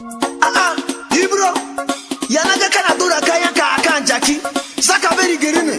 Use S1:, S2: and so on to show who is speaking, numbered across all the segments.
S1: A'a, ah, ah. Ibro, yanaga kana dora kayanka akan jaki, zaka bari gari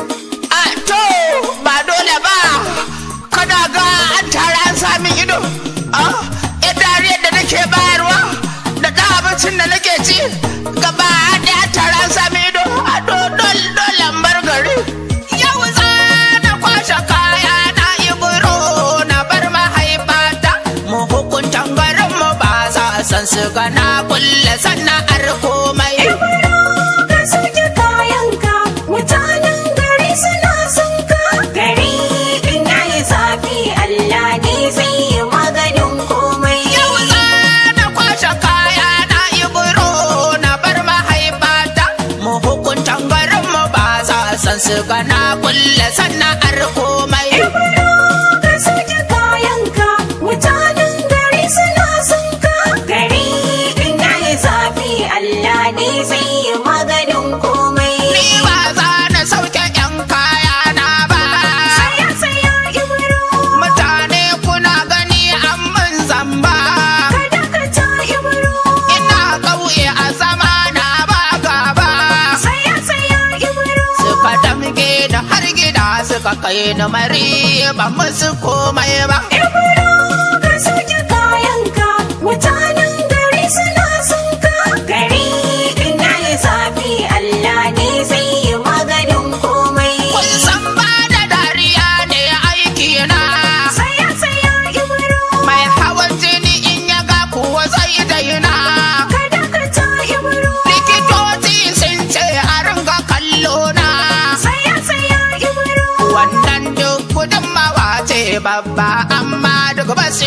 S1: kan su gana kulle sana'ar komai.
S2: ka sauke kayanka mutanen gari suna son Gari in yayi zafi Allah ne zai yi maganin komai. Yau za na kwashe kaya na yi buro na bar
S1: mahaifata. Mu hukuntan garin mu ba za san su gana kulle
S2: sana'ar komai.
S1: ba suka kai na mari ba musu komai ba. Ibro ka sake
S2: kayanka mutanen gari suna
S1: babba amma duk ba su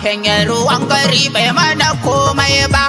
S1: hanyar ruwan gari bai mana komai ba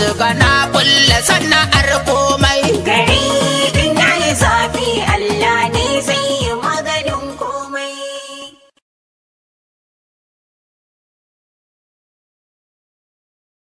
S1: took
S2: our